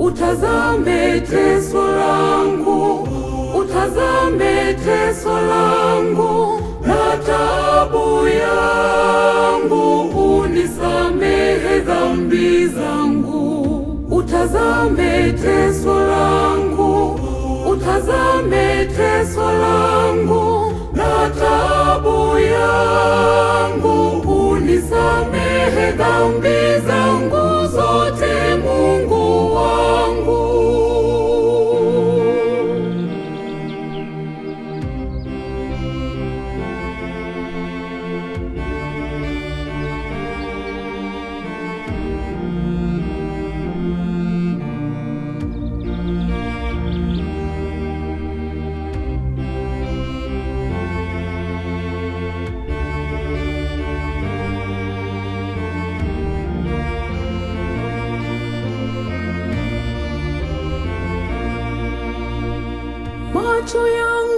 Utazame teso langu, utazame teso langu na taabu yangu macho yangu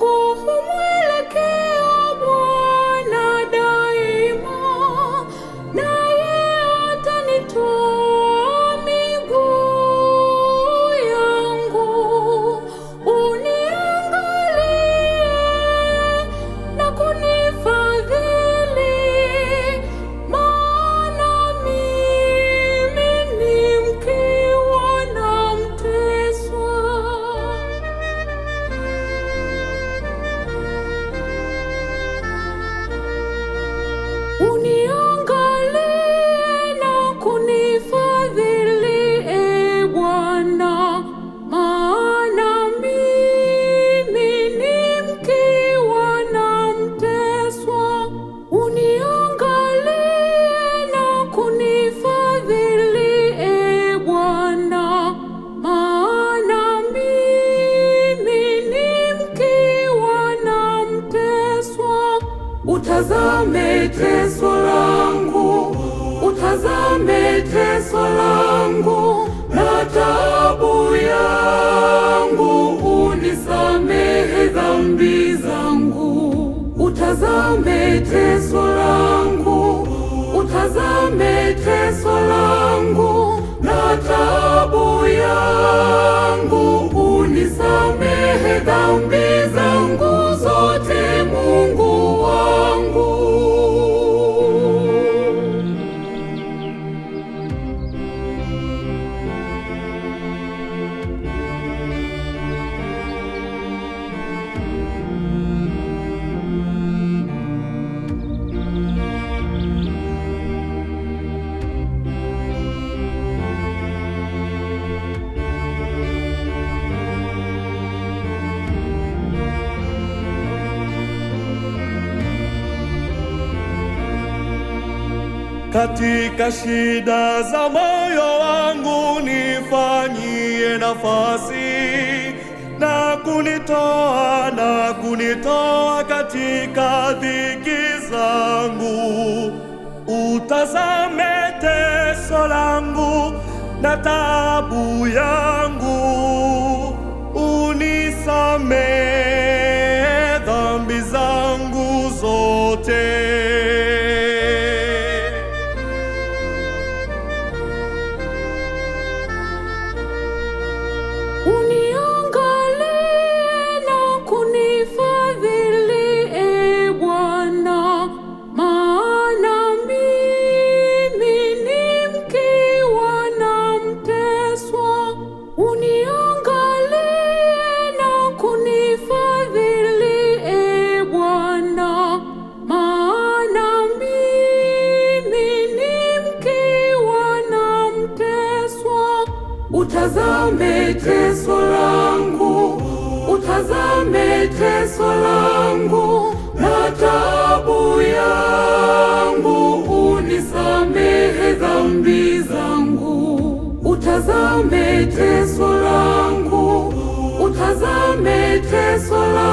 Utazame teso langu, utazame teso langu na taabu yangu, unisamehe. katika shida za moyo wangu, nifanyie nafasi na kunitoa na kunitoa katika dhiki zangu, utazame teso langu na taabu yangu, unisamee dhambi zangu zote. It is for Lord.